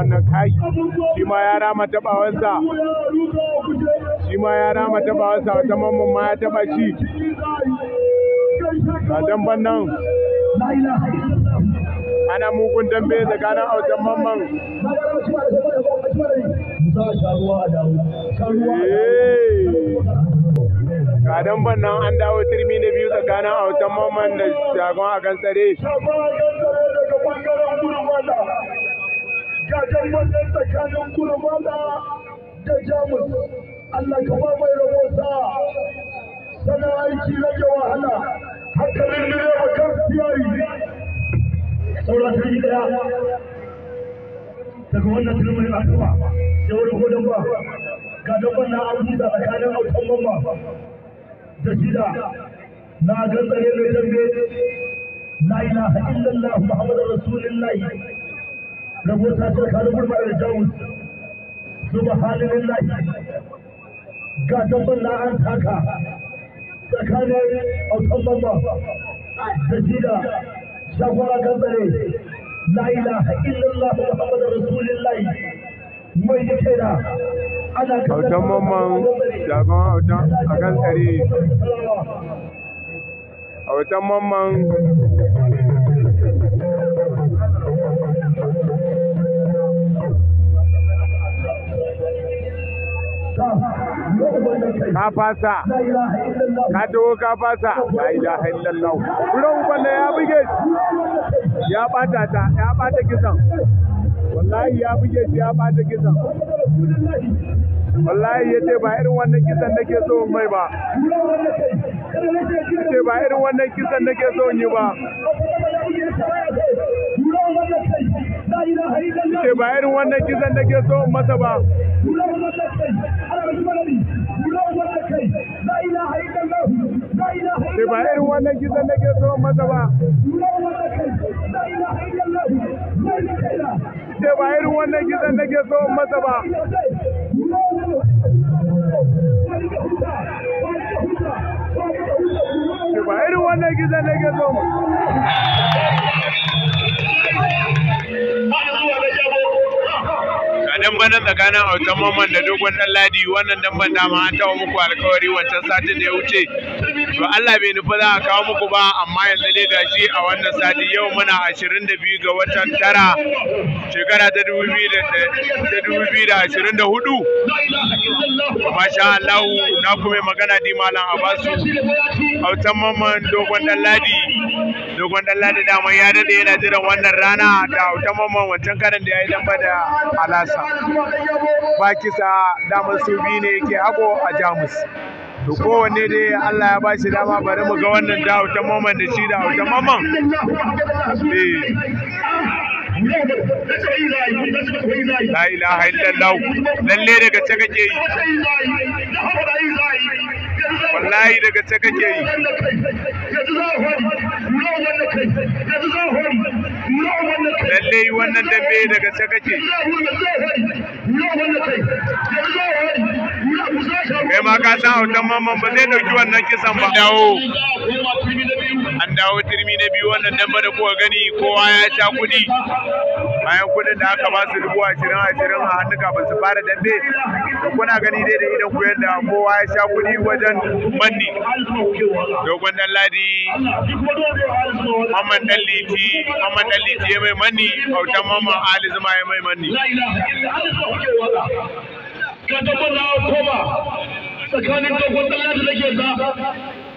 wannan kai shi ma ya rama tabawansa shi ma ya rama tabawansa wata mamman ma ya taba shi a damban nan ana mugun dambe tsakanin autan mamman eh. ga damban nan an dawo turmi na biyu tsakanin autan mamman da shagon a kan tsare kakan wannan tsakanin kurmana da jamus Allah ka ba mai rabota sana aiki rage wahala hankalin ne ba kan siyari saura ta yi daya daga wannan turmin addu'a sai wani hodon ba ga dabban na an buɗe tsakanin autan mamma da shida na gantsare mai dambe la ilaha illallah muhammadur rasulullahi rabo ta ce kanin gurma da jamus zuba halin lahi ga dabban na an taka tsakanin autan bamba da jida shagwara autan autan tsare autan ka fasa ka taho ka fasa la ilaha illallah kuran kwalle ya buge ya bata ta ya bata kisan wallahi ya buge ya bata kisan wallahi ya ce ba irin wannan kisan nake so mai ba ya ce ba irin wannan kisan nake so yi ba ba irin wannan gizon da ke so in masa ba sai ba irin wannan gizon da ke so in masa ba sai ba irin wannan gizon da ke so in masa ba sai ba irin wannan gizon da ke so in masa ba dambana tsakanin autan mamman da dogon dan ladi wannan damban dama an tawo muku alkawari wancan satin da ya wuce to Allah bai nufa za a kawo muku ba amma yanzu dai gashi a wannan sati yau muna 22 ga watan tara shekara ta 2024 masha Allah na kuma magana di malam Abbasu autan mamman dogon dan ladi dogon dan ladi daman ya dade yana jiran wannan rana da wata mamman wancan karin da ya yi lamba da alasa ba kisa damar su biyu ne yake hako a jamus to kowanne dai Allah ya ba shi dama bari mu ga wannan da wata mamman da shi da wata mamman eh. La ilaha illallah lalle daga ce kake yi wallahi daga ta kake yi lallai wannan dambe daga ta kake kai ma ka san hautan mamman ba zai dauki wannan kisan ba an dawo turmi na biyu wannan dambe da kuwa gani kowa ya sha kuɗi bayan kudin da aka ba su dubu ashirin ashirin a hannu kafin su fara dambe da kuna gani dai da idan ku yadda kowa ya sha kudi wajen manni dogon dan ladi mamman dan liti mamman dan liti ya mai manni bautan mamman ali zuma ya mai manni ka dabbar da koma tsakanin dogon dan ladi da ke za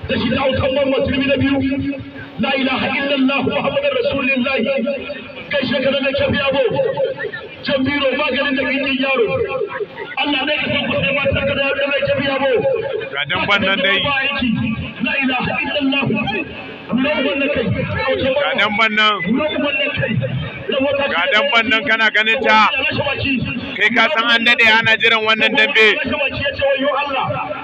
da shi da autan mamman turmi na biyu la ilaha illallah muhammadar rasulullahi kai shekara da kyafi maganin da kinkin yaro Allah ne ka san mata ka da mai kyafi ga dan bannan dai illallah ga dan bannan ga dan bannan kana ganin ta kai ka san an dade ana jiran wannan dambe Allah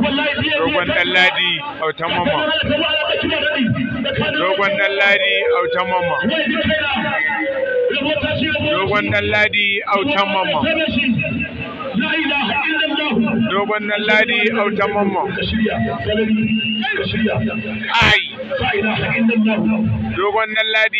dogon dalladi autan mama dogon dalladi autan mama dogon dalladi autan mama dogon dalladi autan mama ai dogon dalladi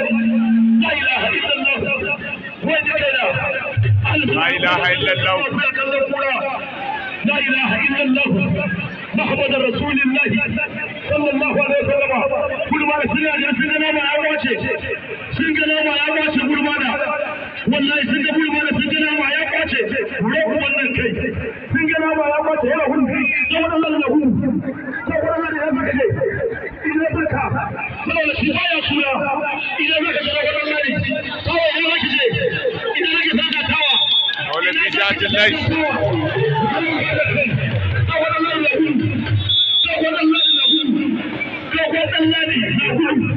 illallah la ilaha illallah محمد رسول الله صلى الله عليه وسلم كل ما سنة سنة ما سنة ما كل ما ya kwace roƙo wannan kai sun ga nama ya kwace ya ya wadannan na hudu ko wadannan ya zaka ne idan zaka saboda shi Abdullahi.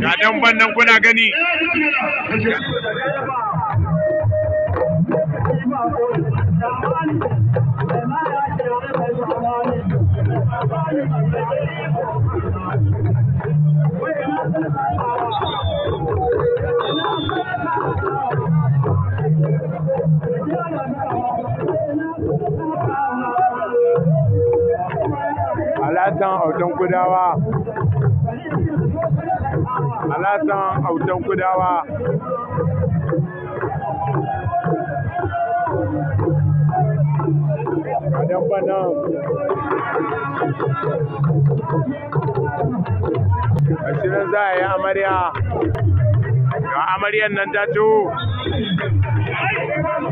Ga dan bannan kuna gani. Thank you. autan gudawa alasan autan gudawa a banan za a yi amarya ga amaryan nan ta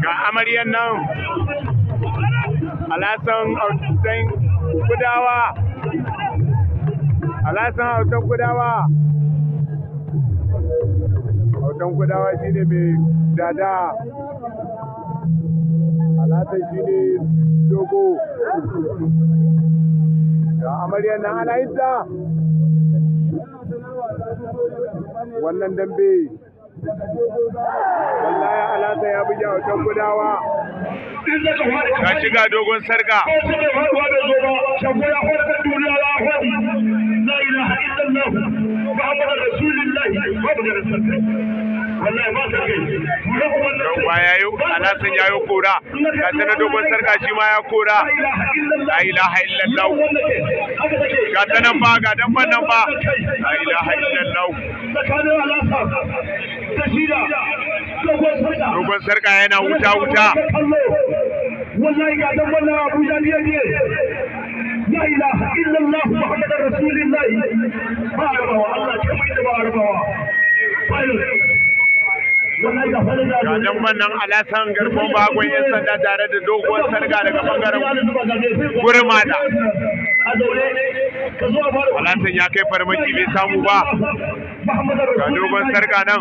ga amaryan nan alasan autan gudawa. alasan hautan kudawa hautan kudawa shi ne mai dada alasan shi ne dogo da amaryar nan ana wannan dambe wallahi alasan ya buge hautan kudawa ka shiga dogon sarka اله الا الله محمد رسول الله ya yi kora ga dogon sarka shi ma ya kora la ilaha illallah ga ga dan la ilaha illallah dogon sarka yana wuta wuta wallahi ga dan abuja ne la wannan alasan yan sanda tare da doguwar sarga daga Alasan ya kai farmaki bai samu ba. nan.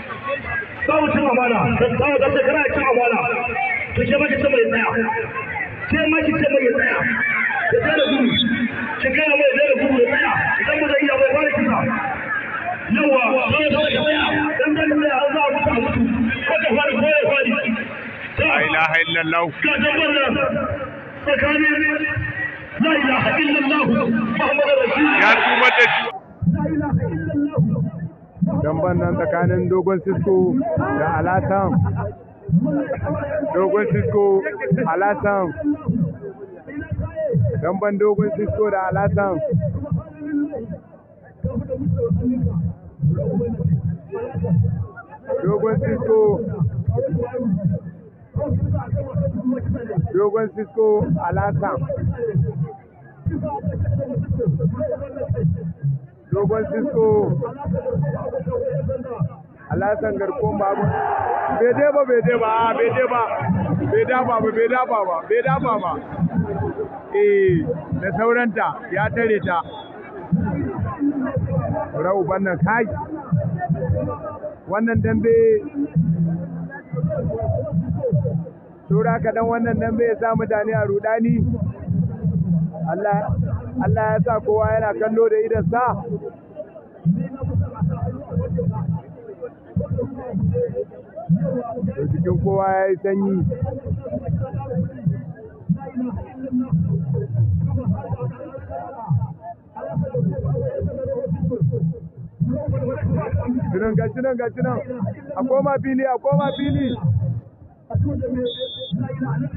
babu cin amana da tsawo da ta kana cin amana to ke maki ce mai tsaya ke maki ce mai tsaya ya tsaya da gudu ki kana mai tsaya da gudu ya tsaya idan ba zai iya bai fara kisa yawa sai ya fara tsaya dan dan tsaya an za a mutu a mutu ko ta fara ko ya fari la ilaha illallah ka da tsakanin la ilaha illallah muhammadur rasul ya tuba da shi la ilaha damban nan tsakanin dogon sisko da alatan dogon sisko alatan damban dogon sisko da alatan dogon sisko dogon sisko alatan dogon sisko alasan garkon babu bai dai ba bai dai ba bai dai ba bai dafa ba bai dafa ba bai dafa ba eh da sauranta ya tare ta rau bannan kai wannan dambe tura kaɗan wannan dambe ya sa mutane a rudani Allah Allah ya sa kowa yana kallo da idansa cikin kowa ya yi sanyi Cinan ga cinan ga cinan a koma fili a koma fili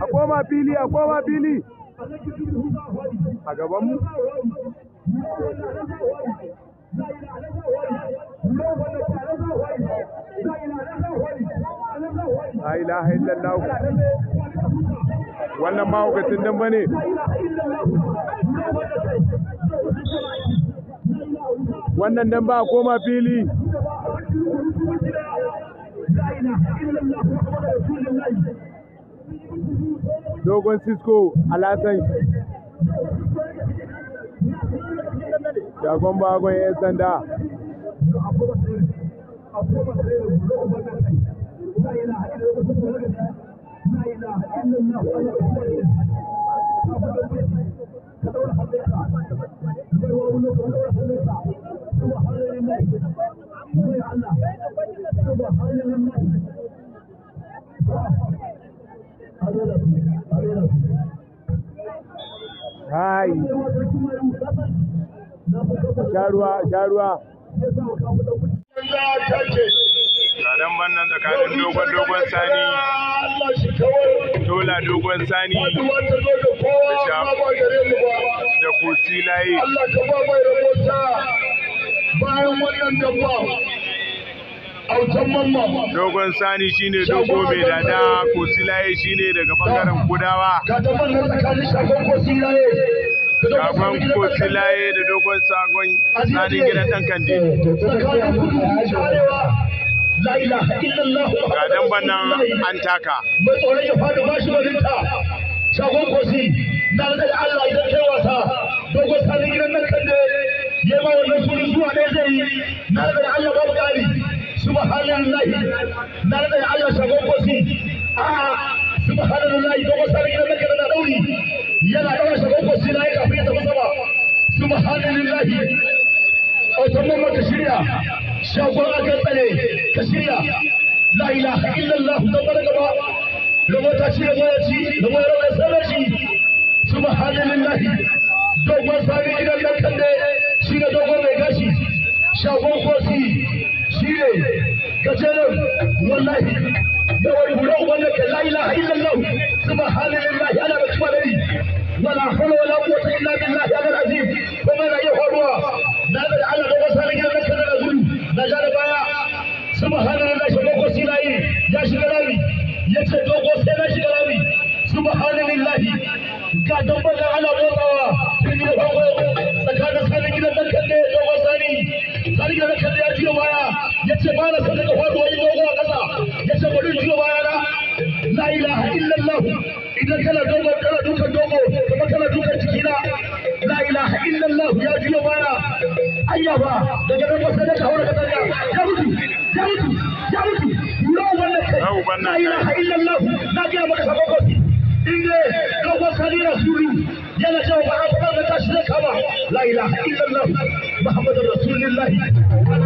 a koma fili a koma fili a gabanmu la ilaha illallah wannan mahaukacin dan bane wannan dan ba koma fili la dogon cisco alasan shagon bagon 'yan sanda Thank you. Hai. Sharuwa, sharuwa. Tsadan bannan tsakanin dogon dogon sani. Tola dogon sani. Da kusi layi. bayan wannan dabba. dogon sani shine dogo mai dada ko silaye shine daga bangaren kudawa Shagon ko silaye da dogon sagon sani gida ɗan kandi. Eh, Ga damban bana an taka. Shagon kosi na da Allah idan kai wasa dogon sani gidan ɗan kandi. Yema wannan suru zuwa ne zai yi na da Allah babu ƙari. subhanallahi ah, na da Allah shagon A'a. a subhanallahi ko ko sarki da nake da dauri yana da shagon kwasu na ya kafin ta musaba subhanallahi automan maka shirya shagon akan tsare ka shirya la ilaha illallah da bargaba rubuta shi da mayaci da mayar da sarrafi subhanallahi dogon sami gidan nan kan shi da dogon mai gashi shagon kwasu shi ne gajeren wallahi yawar guda wanda ke la ilaha illallah subhanallahi ala bakmalari wala hawla wala quwwata illa billahi ala azim kuma na iya faruwa na da Allah da wasa ne ga kana da gudu na ja da baya subhanallahi shi boko sinai ya shiga rami yace dogo sai na shiga rami subhanallahi ga dan baka ala motsawa sun yi da tsakanin sanin gidan dan kalle dogo sani sani gidan kalle ya jiyo baya ya ce ba na son da faɗo yi dogo a ƙasa ya ce bari jiyo baya na la ilaha illallah idan kana dogo kana dukan dogo kuma kana dukan cikina la ilaha illallah ya jiyo baya anya ba daga nan ba sai da haura katanga ya mutu ya mutu ya mutu yau wannan kai la ilaha illallah na ga maka sabon inda kawo kalira suri yana cewa ba a fara da tashi zai kama la ilaha illallah muhammadur rasulullah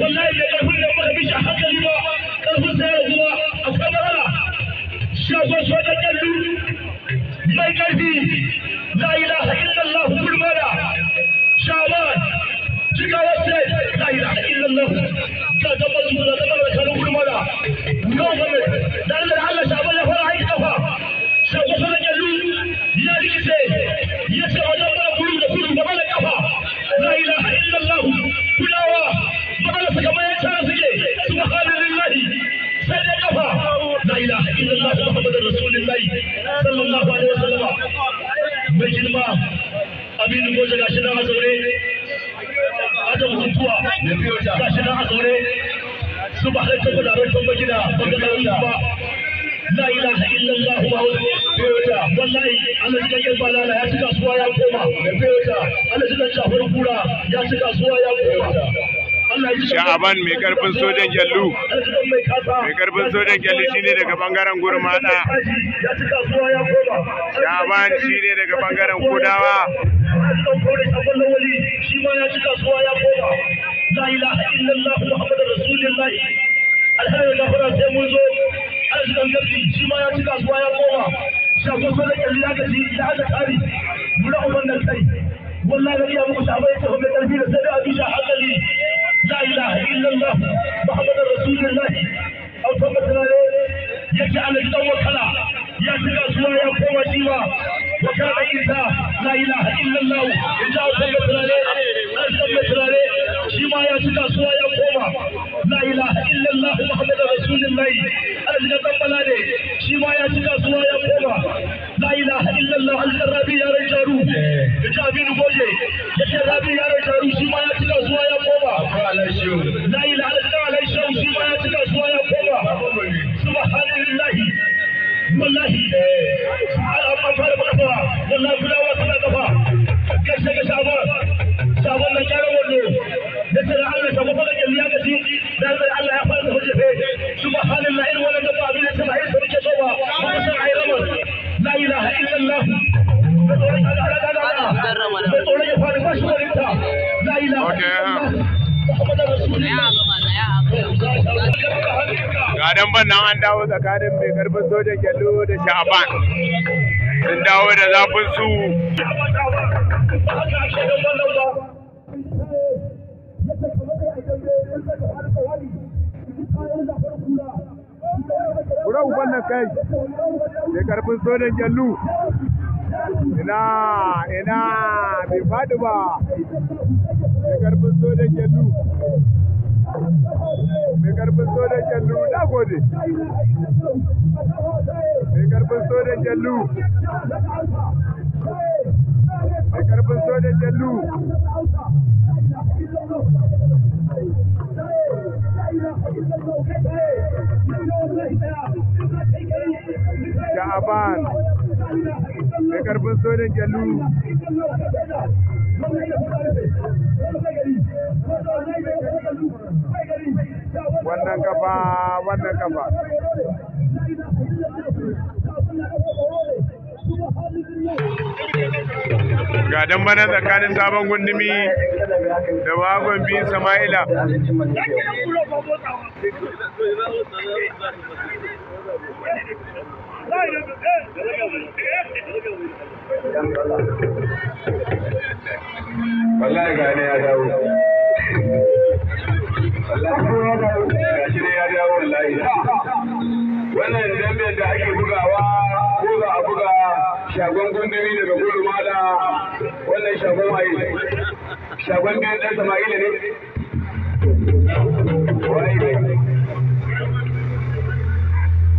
wallahi da karfin nan ba bisa hankali ba karfin sa ya zuwa akwai matsala shago su wajen kallu mai karfi la ilaha illallah gulmana shawan cigawar sai la ilaha illallah ka zama zuwa zama da kanu gulmana no game da Allah shaban ce gashi nan a zaure a mutuwa gashi nan a zaure su ba ku da rashin ba la ilaha illallah wallahi Allah balala ya ya koma Allah shafar kura ya ya koma Sha'aban mai karfin sojan gyallu mai karfin sojan gyallu daga bangaren gurmada Sha'aban daga bangaren kudawa ɗan kore sabon lawali shi ma ya ci kasuwa ya koma la ilaha illallah muhammadur rasulillah. alhamdu gafara sai mun zo alhaji dan gabi shi ma ya ci kasuwa ya koma shagon sai da kalli ya gaji da aka tsari mura uban nan kai wallahi da iya muku sabai ta hukumar karfi da sai da abisha hankali la ilaha illallah muhammadur rasulillah. au ya ne yake alhaji dan wakala ya ci kasuwa ya koma shi وشهد عيسى لا اله الا الله يجا وسلم تراري شيما يا شيكا سوا يا كوما لا اله الا الله محمد رسول الله ارجع تمبلاري شيما يا شيكا سوا يا كوما لا اله الا الله الربي يا رجارو يجا بين بوجي يا ربي يا رجارو شيما يا شيكا سوا يا كوما لا اله الا الله شيما يا شيكا سوا يا كوما سبحان الله والله damban nan an dawo tsakanin mai karfin sojan gyalu da sha'aban sun dawo da zafin su Kura uban na kai, mai karfin sojan gyalu. ina ina bai faɗi ba, mai karfin sojan gyalu. mai karfin so da kyallu na gode mai karfin so da kyallu mai karfin so da kyallu Sha'aban mai karfin sojan gyalu wannan kafa wannan kafa ga dan bana tsakanin sabon gundumi da wagon bi sama'ila wallahi ga ne ya dawo wallahi ga ya dawo wallahi wannan dambe da ake bugawa ko za a buga shagon gundumi daga gudu da wannan shagon waye shagon biyan dan sama'ila ne waye ne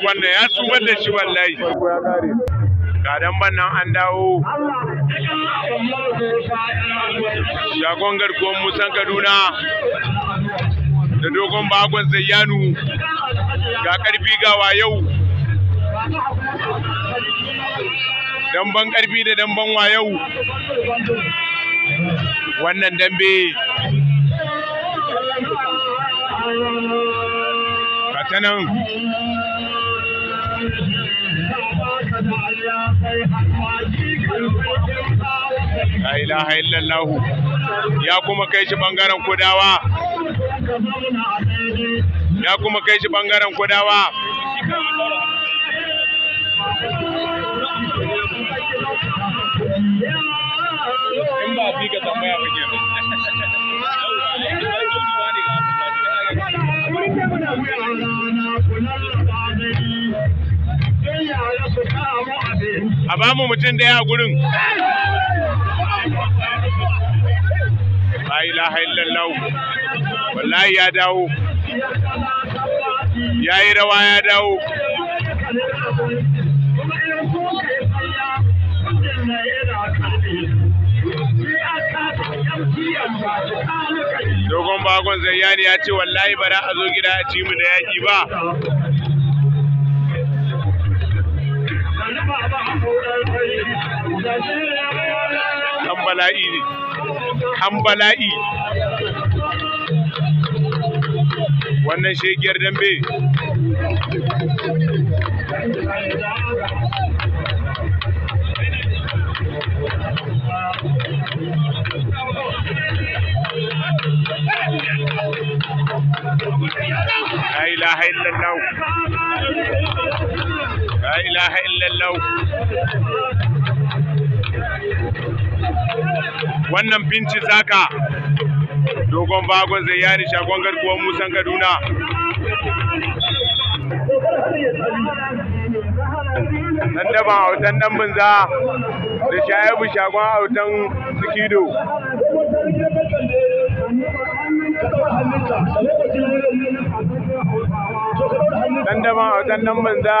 wannan ya su da shi wallahi kadan ban nan an dawo shagon garkuwar musan kaduna da dogon bagon zayyanu ga karfi gawa yau damban karfi da damban wayau wannan dambe ka ta la ilaha illallah ya kuma kai shi bangaren kudawa ya kuma kai shi bangaren kudawa in ba ka tambaya kenan a ba mu mutum daya a gurin la ilaha illallah wallahi ya dawo ya yi rawa ya dawo dogon bakon zayyani ya ce wallahi ba za a zo gida a ci mu da yaƙi ba kan bala'i ne kan bala'i wannan shegiyar dambe La ilaha illallah ilaha illallah wannan binci zaka dogon bagon zai yari shagon garkuwar musan kaduna dan daban autan dan binza da shayabu shagon autan sikido dan daban autan dan binza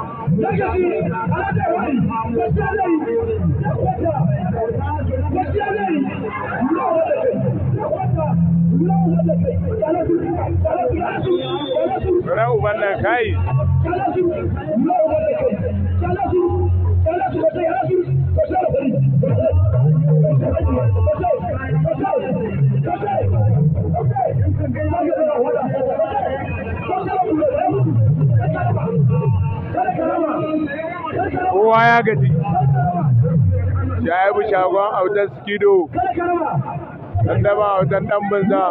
gẹ́gẹ́ bí aládẹ́wà yìí kò sí alẹ́ yìí lẹ́kọ̀ọ́ta kò sí alẹ́ yìí lọ́wọ́lẹ́fẹ̀ lẹ́kọ̀ọ́ta lọ́wọ́lẹ́fẹ̀ kálọ́tù kálọ́tù kálọ́tù kálọ́tù. rẹ̀ ò bá nà káyì. kálọ́tù lọ́wọ́lẹ́fẹ̀ kálọ́tù kálọ́tù kò sí alẹ́ yìí kò sí alẹ́ yìí. kowa ya gaji shaibu shagon Autan skido dan daba Autan dan banza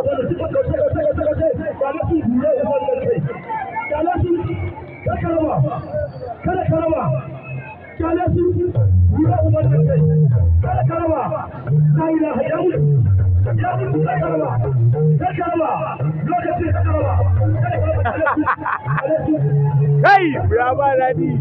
Hey, we are ready.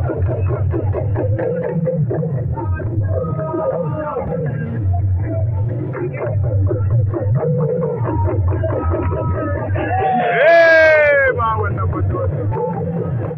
Thank you.